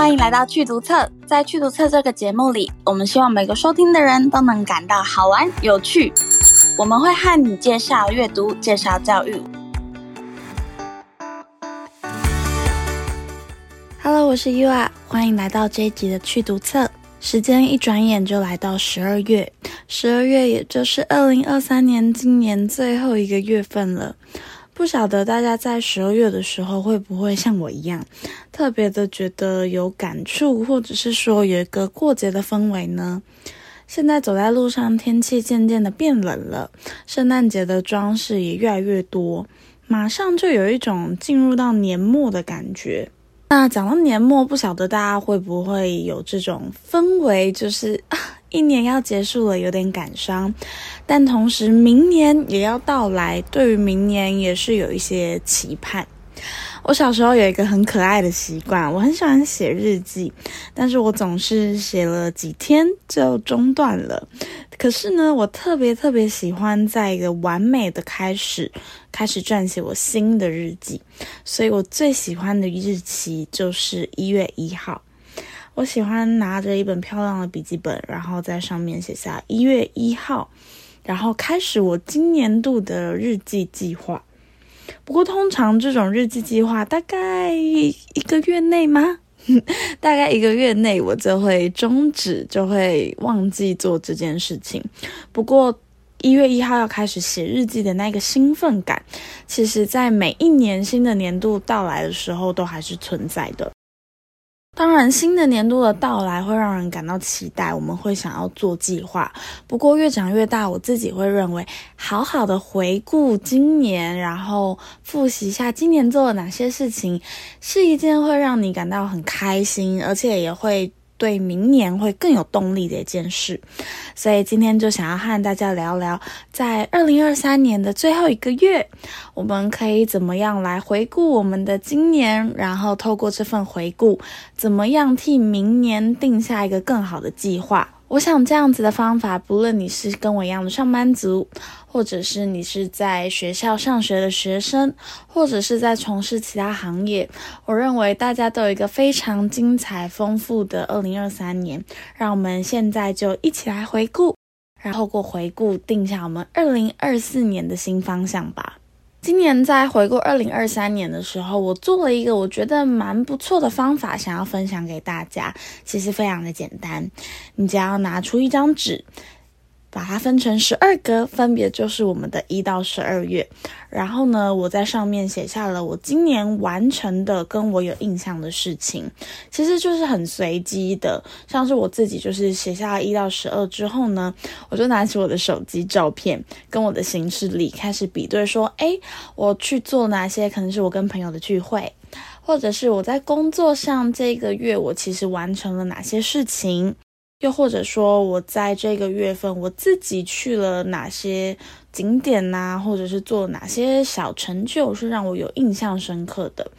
歡迎來到趣讀冊，在趣讀冊這個節目裡，我們希望每個收聽的人都能感到好玩有趣。我們會和你介紹閱讀，介紹教育。Hello，我是 U a，歡迎來到這一集的趣讀冊。時間一轉眼就來到十二月，十二月也就是二零二三年今年最後一個月份了。不曉得大家在十二月的時候會不會像我一樣，特別的覺得有感觸，或者是說有一個過節的氛圍呢？現在走在路上，天氣漸漸的變冷了，聖誕節的裝飾也越來越多，馬上就有一種進入到年末的感覺。那講到年末，不曉得大家會不會有這種氛圍，就是。 一年要結束了，有點感傷，但同時明年也要到來，對於明年也是有一些期盼。我小時候有一個很可愛的習慣，我很喜歡寫日記，但是我總是寫了幾天就中斷了。可是呢，我特別特別喜歡在一個完美的開始，開始撰寫我新的日記，所以我最喜歡的日期就是一月一號。我喜歡拿着一本漂亮的筆記本，然後在上面寫下一月一號，然後開始我今年度的日記計劃。不過，通常這種日記計劃大概一個月內嗎？ 大概一個月內我就會終止，就會忘記做這件事情。不過，一月一號要開始寫日記的那個興奮感，其實，在每一年新的年度到來的時候，都還是存在的。當然，新的年度的到來會讓人感到期待，我們會想要做計劃。不過越長越大，我自己會認為，好好的回顧今年，然後複習一下今年做了哪些事情，是一件會讓你感到很開心，而且也會，對明年會更有動力的一件事，所以今天就想要和大家聊聊，在2023年的最後一個月，我們可以怎麼樣來回顧我們的今年，然後透過這份回顧，怎麼樣替明年定下一個更好的計劃。我想這樣子的方法，不論你是跟我一樣的上班族，或者是你是在學校上學的學生，或者是在從事其他行業，我認為大家都有一個非常精彩豐富的2023年。讓我們現在就一起來回顧，然後過回顧定下我們2024年的新方向吧。今年在回顧二零二三年的時候，我做了一個我覺得蠻不錯的方法，想要分享給大家。其實非常的簡單，你只要拿出一張紙。把它分成十二格，分別就是我們的一到十二月。然後呢，我在上面寫下了我今年完成的跟我有印象的事情，其實就是很隨機的。像是我自己，就是寫下一到十二之後呢，我就拿起我的手機照片，跟我的行事曆開始比對，說：“哎，我去做哪些？可能是我跟朋友的聚會，或者是我在工作上這個月我其實完成了哪些事情。”又或者說，我在這個月份我自己去了哪些景點吶、啊，或者是做哪些小成就，是讓我有印象深刻的。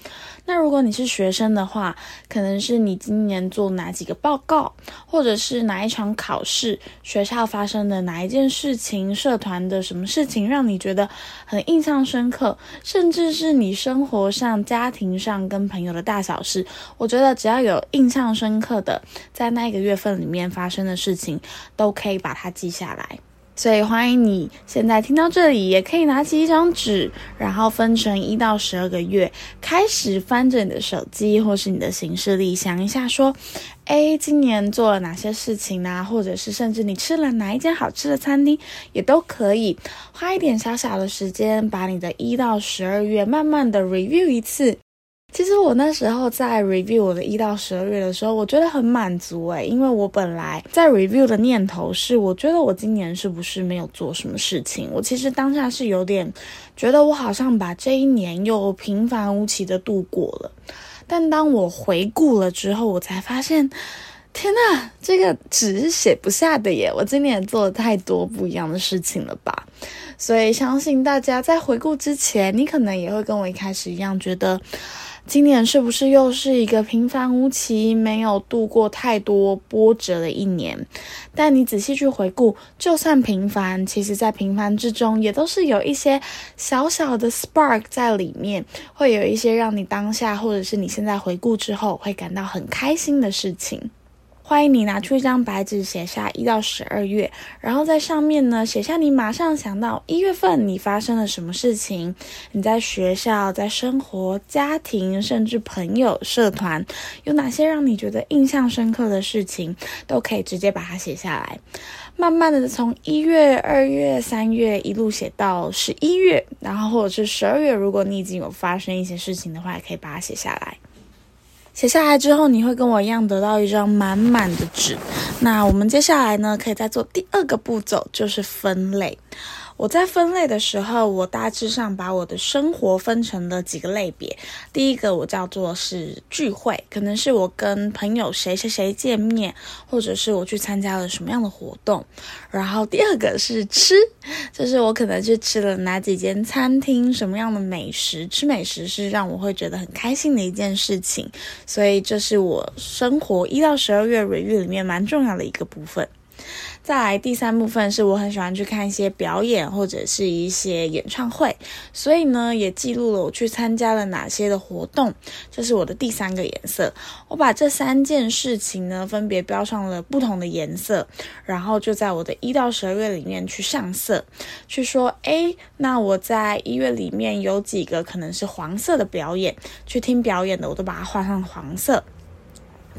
那如果你是學生的話，可能是你今年做哪幾個報告，或者是哪一場考試，學校發生的哪一件事情，社團的什麼事情，讓你覺得很印象深刻，甚至是你生活上、家庭上跟朋友的大小事。我覺得只要有印象深刻的，在那一個月份裡面發生的事情，都可以把它記下來。所以，歡迎你現在聽到這裡，也可以拿起一張紙，然後分成一到十二個月，開始翻着你的手機或是你的行事曆，想一下，說，哎，今年做了哪些事情呢？啊？或者是甚至你吃了哪一家好吃的餐廳，也都可以花一點小小的時間，把你的一到十二月慢慢的 review 一次。其實我那時候在 review 我的一到十二月的時候，我覺得很滿足誒，因為我本來在 review 的念頭是，我覺得我今年是不是沒有做什麼事情？我其實當下是有點覺得我好像把這一年又平凡無奇的度過了。但當我回顧了之後，我才發現，天吶，這個紙是寫不下的耶！我今年也做了太多不一樣的事情了吧？所以相信大家在回顧之前，你可能也會跟我一開始一樣覺得。今年是不是又是一個平凡無奇、沒有度過太多波折的一年？但你仔細去回顧，就算平凡，其實在平凡之中也都是有一些小小的 spark 在裡面，會有一些讓你當下，或者是你現在回顧之後，會感到很開心的事情。歡迎你拿出一張白紙，寫下一到十二月，然後在上面呢寫下你馬上想到一月份你發生了什麼事情。你在學校、在生活、家庭，甚至朋友、社團，有哪些讓你覺得印象深刻的事情，都可以直接把它寫下來。慢慢的從一月、二月、三月一路寫到十一月，然後或者是十二月，如果你已經有發生一些事情的話，也可以把它寫下來。寫下來之後，你會跟我一樣得到一張滿滿的紙。那我們接下來呢，可以再做第二個步驟，就是分類。我在分類的時候，我大致上把我的生活分成了幾個類別。第一個我叫做是聚會，可能是我跟朋友誰誰誰見面，或者是我去參加了什麼樣的活動。然後第二個是吃，就是我可能去吃了哪幾間餐廳，什麼樣的美食。吃美食是讓我會覺得很開心的一件事情，所以這是我生活一到十二月日曆裡面蠻重要的一個部分。再來第三部分是我很喜歡去看一些表演或者是一些演唱會，所以呢也記錄了我去參加了哪些的活動。這是我的第三個顏色，我把這三件事情呢分別標上了不同的顏色，然後就在我的一到十二月裡面去上色，去說誒，那我在一月裡面有幾個可能是黃色的表演，去聽表演的我都把它畫上黃色。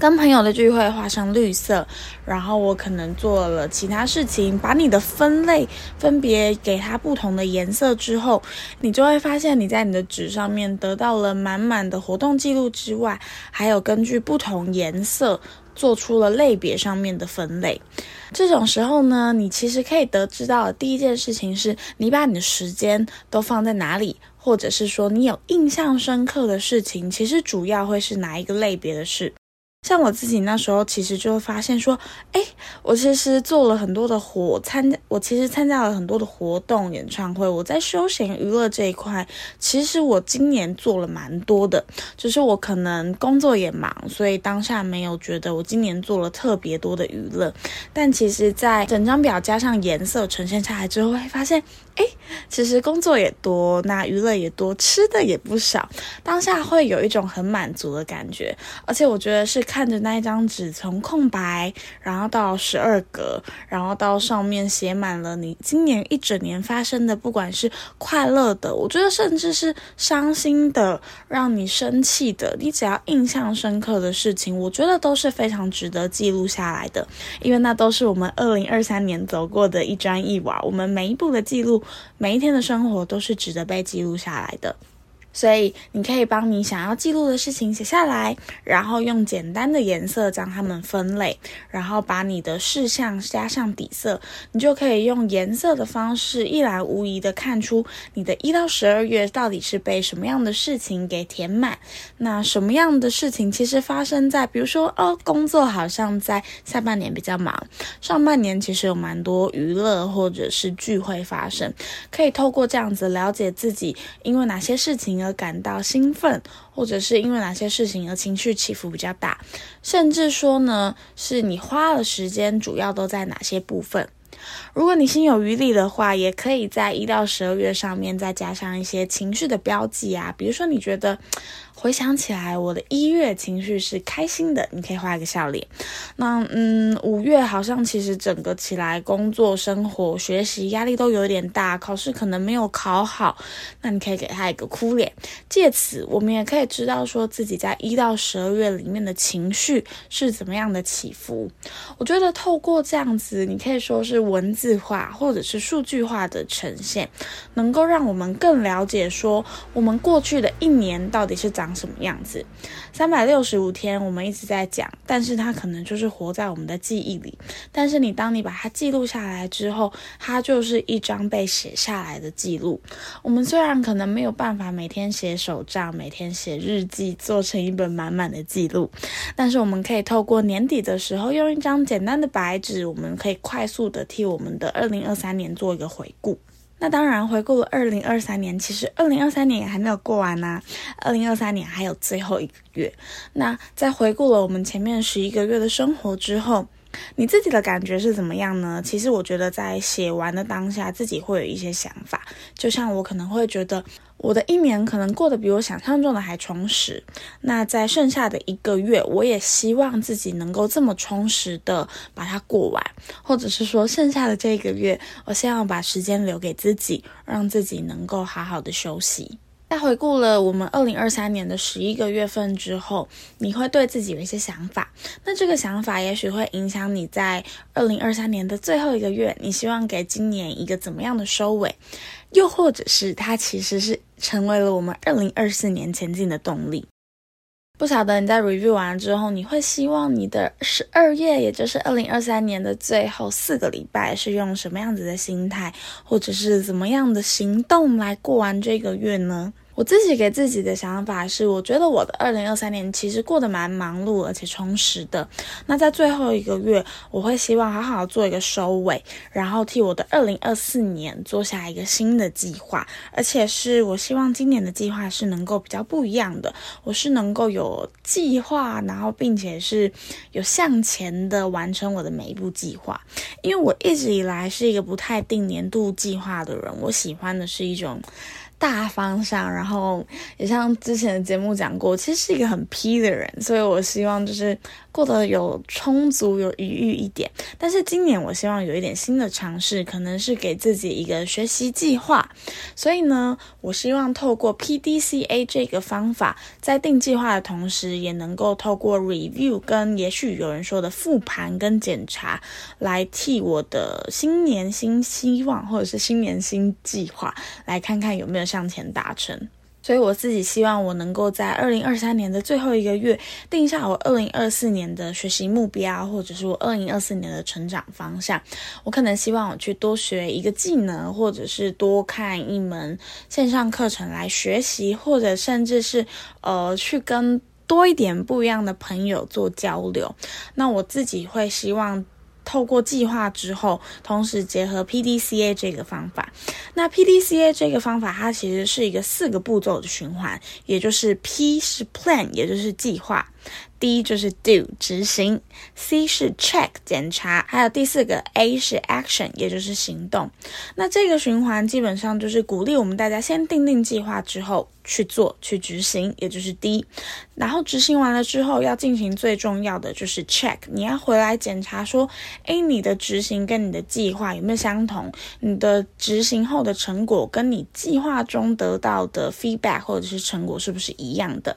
跟朋友的聚會畫上綠色，然後我可能做了其他事情，把你的分類分別給它不同的顏色之後，你就會發現你在你的紙上面得到了滿滿的活動記錄之外，還有根據不同顏色做出了類別上面的分類。這種時候呢，你其實可以得知到的第一件事情是，你把你的時間都放在哪裡，或者是說你有印象深刻的事情，其實主要會是哪一個類別的事。像我自己那時候，其實就會發現說，哎，我其實做了很多的活，參加我其實參加了很多的活動、演唱會。我在休閒娛樂這一塊，其實我今年做了蠻多的，只、就是我可能工作也忙，所以當下沒有覺得我今年做了特別多的娛樂。但其實，在整張表加上顏色呈現下來之後，會發現。誒，其實工作也多，那娛樂也多，吃的也不少，當下會有一種很滿足的感覺。而且我覺得是看着那一張紙從空白，然後到十二格，然後到上面寫滿了你今年一整年發生的，不管是快樂的，我覺得甚至是傷心的，讓你生氣的，你只要印象深刻的事情，我覺得都是非常值得記錄下來的，因為那都是我們二零二三年走過的一磚一瓦，我們每一步的記錄。每一天的生活都是值得被記錄下來的。所以你可以把你想要記錄的事情寫下來，然後用簡單的顏色將它們分類，然後把你的事項加上底色，你就可以用顏色的方式一覽無遺的看出你的一到十二月到底是被什麼樣的事情給填滿。那什麼樣的事情其實發生在，比如說，哦，工作好像在下半年比較忙，上半年其實有蠻多娛樂或者是聚會發生，可以透過這樣子了解自己因為哪些事情。而感到興奮，或者是因為哪些事情而情緒起伏比較大，甚至說呢，是你花了時間主要都在哪些部分？如果你心有餘力的話，也可以在一到十二月上面再加上一些情緒的標記啊，比如說你覺得。回想起來，我的一月情緒是開心的，你可以畫一個笑臉。那嗯，五月好像其實整個起來工作、生活、學習壓力都有點大，考試可能沒有考好，那你可以給他一個哭臉。借此，我們也可以知道說自己在一到十二月裡面的情緒是怎麼樣的起伏。我覺得透過這樣子，你可以說是文字化或者是數據化的呈現，能夠讓我們更了解說我們過去的一年到底是怎。長什麼樣子？三百六十五天，我們一直在講，但是它可能就是活在我們的記憶裡。但是你當你把它記錄下來之後，它就是一張被寫下來的記錄。我們雖然可能沒有辦法每天寫手賬、每天寫日記，做成一本滿滿的記錄，但是我們可以透過年底的時候，用一張簡單的白紙，我們可以快速的替我們的二零二三年做一個回顧。那當然，回顧了二零二三年，其實二零二三年也還沒有過完呢啊。二零二三年還有最後一個月。那在回顧了我們前面十一個月的生活之後，你自己的感覺是怎麼樣呢？其實我覺得，在寫完的當下，自己會有一些想法。就像我可能會覺得。我的一年可能過得比我想象中的還充實。那在剩下的一個月，我也希望自己能夠這麼充實的把它過完，或者是說剩下的這個月，我希望把時間留給自己，讓自己能夠好好的休息。在回顧了我們二零二三年的十一個月份之後，你會對自己有一些想法。那這個想法也許會影響你在二零二三年的最後一個月，你希望給今年一個怎麼樣的收尾，又或者是它其實是。成為了我們二零二四年前進的動力。不曉得你在 review 完了之後，你會希望你的十二月，也就是二零二三年的最後四個禮拜，是用什麼樣子的心態，或者是怎麼樣的行動來過完這個月呢？我自己給自己的想法是，我覺得我的二零二三年其實過得蠻忙碌而且充實的。那在最後一個月，我會希望好好做一個收尾，然後替我的二零二四年做下一個新的計劃。而且是我希望今年的計劃是能夠比較不一樣的。我是能夠有計劃，然後並且是有向前的完成我的每一步計劃。因為我一直以來是一個不太定年度計劃的人，我喜歡的是一種。大方向，然後也像之前的節目講過，其實是一個很 P 的人，所以我希望就是過得有充足、有餘裕一點。但是今年我希望有一點新的嘗試，可能是給自己一個學習計劃。所以呢，我希望透過 PDCA 這個方法，在定計劃的同時，也能夠透過 review 跟也許有人說的復盤跟檢查，來替我的新年新希望或者是新年新計劃，來看看有沒有。向前達成，所以我自己希望我能夠在二零二三年的最後一個月定下我二零二四年的學習目標，或者是我二零二四年的成長方向。我可能希望我去多學一個技能，或者是多看一門線上課程來學習，或者甚至是呃去跟多一點不一樣的朋友做交流。那我自己會希望。透過計劃之後，同時結合 P D C A 這個方法。那 P D C A 這個方法，它其實是一個四個步驟的循環，也就是 P 是 Plan，也就是計劃；D 就是 Do，執行；C 是 Check，檢查；還有第四個 A 是 Action，也就是行動。那這個循環基本上就是鼓勵我們大家先訂定計劃之後。去做去執行，也就是 D，然後執行完了之後要進行最重要的就是 check，你要回來檢查說，誒，你的執行跟你的計劃有沒有相同？你的執行後的成果跟你計劃中得到的 feedback 或者是成果是不是一樣的？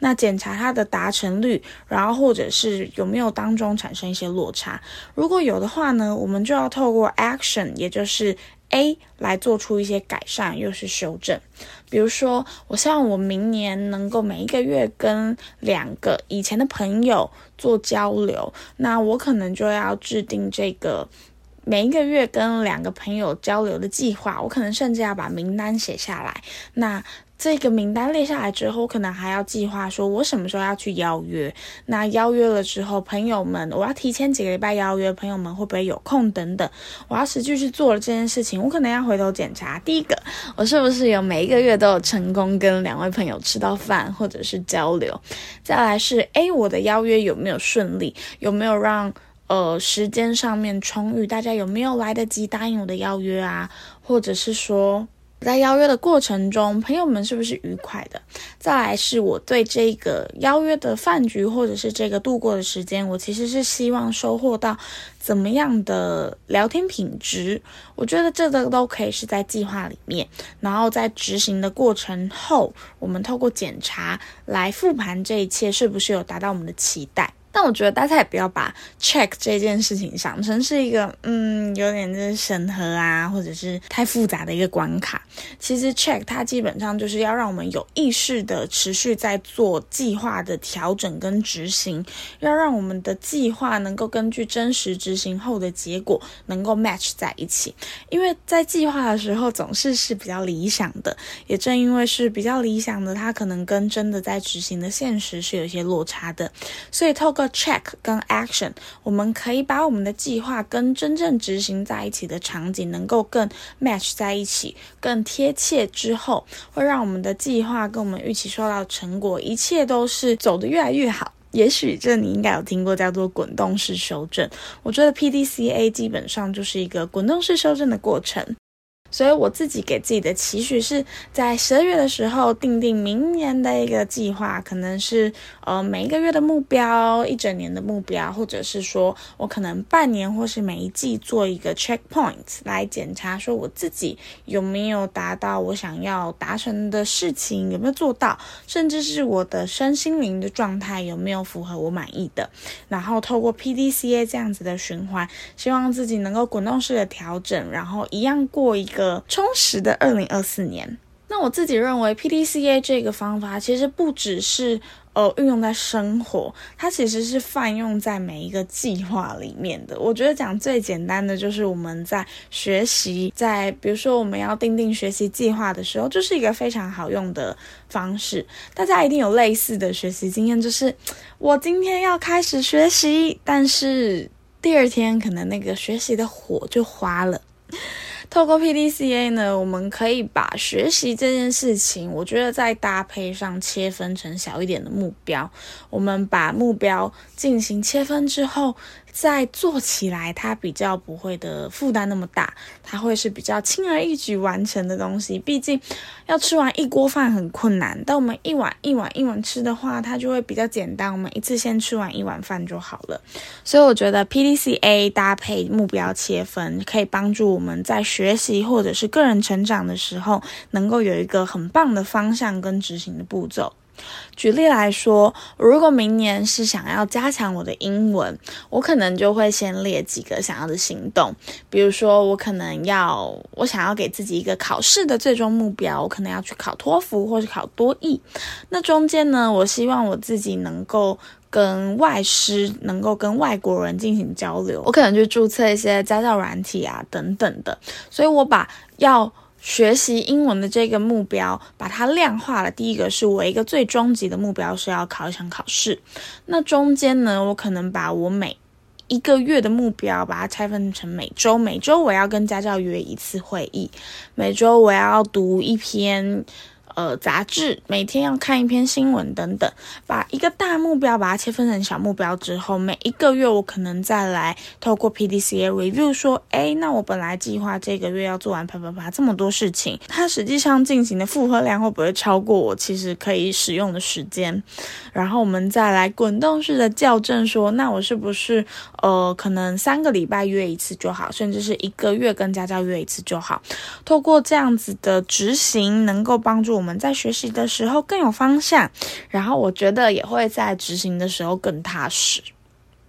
那檢查它的達成率，然後或者是有沒有當中產生一些落差。如果有的話呢，我們就要透過 action，也就是。A 來做出一些改善，又是修正。比如說，我希望我明年能夠每一個月跟兩個以前的朋友做交流，那我可能就要制定這個每一個月跟兩個朋友交流的計劃，我可能甚至要把名單寫下來。那這個名單列下來之後，可能還要計劃說，我什麼時候要去邀約？那邀約了之後，朋友們，我要提前幾個禮拜邀約，朋友們會不會有空等等？我要實際去做了這件事情，我可能要回頭檢查。第一個，我是不是有每一個月都有成功跟兩位朋友吃到飯或者是交流？再來是，欸，我的邀約有沒有順利？有沒有讓呃時間上面充裕？大家有沒有來得及答應我的邀約啊？或者是說，在邀約的過程中，朋友們是不是愉快的？再來是我對這個邀約的飯局或者是這個度過的時間，我其實是希望收穫到怎麼樣的聊天品質。我覺得這個都可以是在計劃裡面，然後在執行的過程後，我們透過檢查來復盤這一切是不是有達到我們的期待。但我覺得大家也不要把 check 這件事情想成是一個，嗯，有點就是審核啊，或者是太複雜的一個關卡。其實 check 它基本上就是要讓我們有意識的持續在做計劃的調整跟執行，要讓我們的計劃能夠根據真實執行後的結果能夠 match 在一起。因為在計劃的時候總是是比較理想的，也正因為是比較理想的，它可能跟真的在執行的現實是有一些落差的，所以透過 Check 跟 Action，我們可以把我們的計劃跟真正執行在一起的場景，能夠更 match 在一起，更貼切之後，會讓我們的計劃跟我們預期收到成果，一切都是走得越來越好。也許這你應該有聽過，叫做滾動式修正。我覺得 PDCA 基本上就是一個滾動式修正的過程。所以我自己給自己的期許是在十二月的時候訂定明年的一個計劃，可能是呃每一個月的目標，一整年的目標，或者是說我可能半年或是每一季做一個 checkpoints 來檢查，說我自己有沒有達到我想要達成的事情，有沒有做到，甚至是我的身心靈的狀態有沒有符合我滿意的。然後透過 PDCA 這樣子的循環，希望自己能夠滾動式的調整，然後一樣過一個。充實的二零二四年。那我自己認為，PDCA 這個方法其實不只是呃運用在生活，它其實是泛用在每一個計劃裡面的。我覺得講最簡單的就是我們在學習，在比如說我們要訂定學習計劃的時候，就是一個非常好用的方式。大家一定有類似的學習經驗，就是我今天要開始學習，但是第二天可能那個學習的火就花了。透過 PDCA 呢，我們可以把學習這件事情，我覺得在搭配上切分成小一點的目標。我們把目標進行切分之後，在做起來，它比較不會的負擔那麼大，它會是比較輕而易舉完成的東西。畢竟，要吃完一鍋飯很困難，但我們一碗一碗一碗吃的話，它就會比較簡單。我們一次先吃完一碗飯就好了。所以，我覺得 PDCA 搭配目標切分，可以幫助我們在學習或者是個人成長的時候，能夠有一個很棒的方向跟執行的步驟。舉例來說，如果明年是想要加強我的英文，我可能就會先列幾個想要的行動。比如說，我可能要我想要給自己一個考試的最終目標，我可能要去考托福或是考多益。那中間呢，我希望我自己能夠跟外師，能夠跟外國人進行交流，我可能就註冊一些家教軟體啊等等的。所以我把要。學習英文的這個目標，把它量化了。第一個是我一個最終極的目標是要考一場考試，那中間呢，我可能把我每一個月的目標，把它拆分成每周。每周我要跟家教約一次會議，每周我要讀一篇。呃，雜誌每天要看一篇新聞等等，把一個大目標把它切分成小目標之後，每一個月我可能再來透過 PDCA review 說，哎，那我本來計劃這個月要做完啪啪啪這麼多事情，它實際上進行的負荷量會不會超過我其實可以使用的時間？然後我們再來滾動式的校正說，說那我是不是呃，可能三個禮拜約一次就好，甚至是一個月跟家教約一次就好？透過這樣子的執行，能夠幫助我們，我們在學習的時候更有方向，然後我覺得也會在執行的時候更踏實。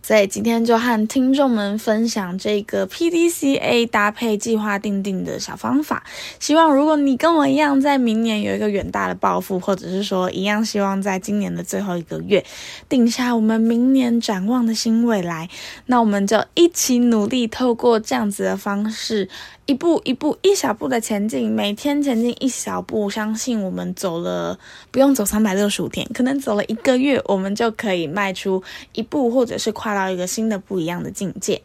所以今天就和聽眾們分享這個 PDCA 搭配計劃訂定的小方法。希望如果你跟我一樣，在明年有一個遠大的抱負，或者是說一樣希望在今年的最後一個月定下我們明年展望的新未來，那我們就一起努力，透過這樣子的方式。一步一步，一小步的前進，每天前進一小步，相信我們走了，不用走三百六十五天，可能走了一個月，我們就可以邁出一步，或者是跨到一個新的不一樣的境界。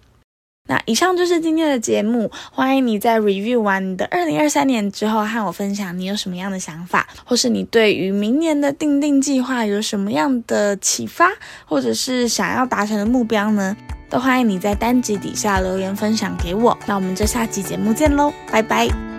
那以上就是今天的節目，歡迎你在 review 完你的二零二三年之後，和我分享你有什麼樣的想法，或是你對於明年的訂定計劃有什麼樣的啟發，或者是想要達成的目標呢？都歡迎你在單集底下留言分享給我。那我們就下期節目見嘍，拜拜。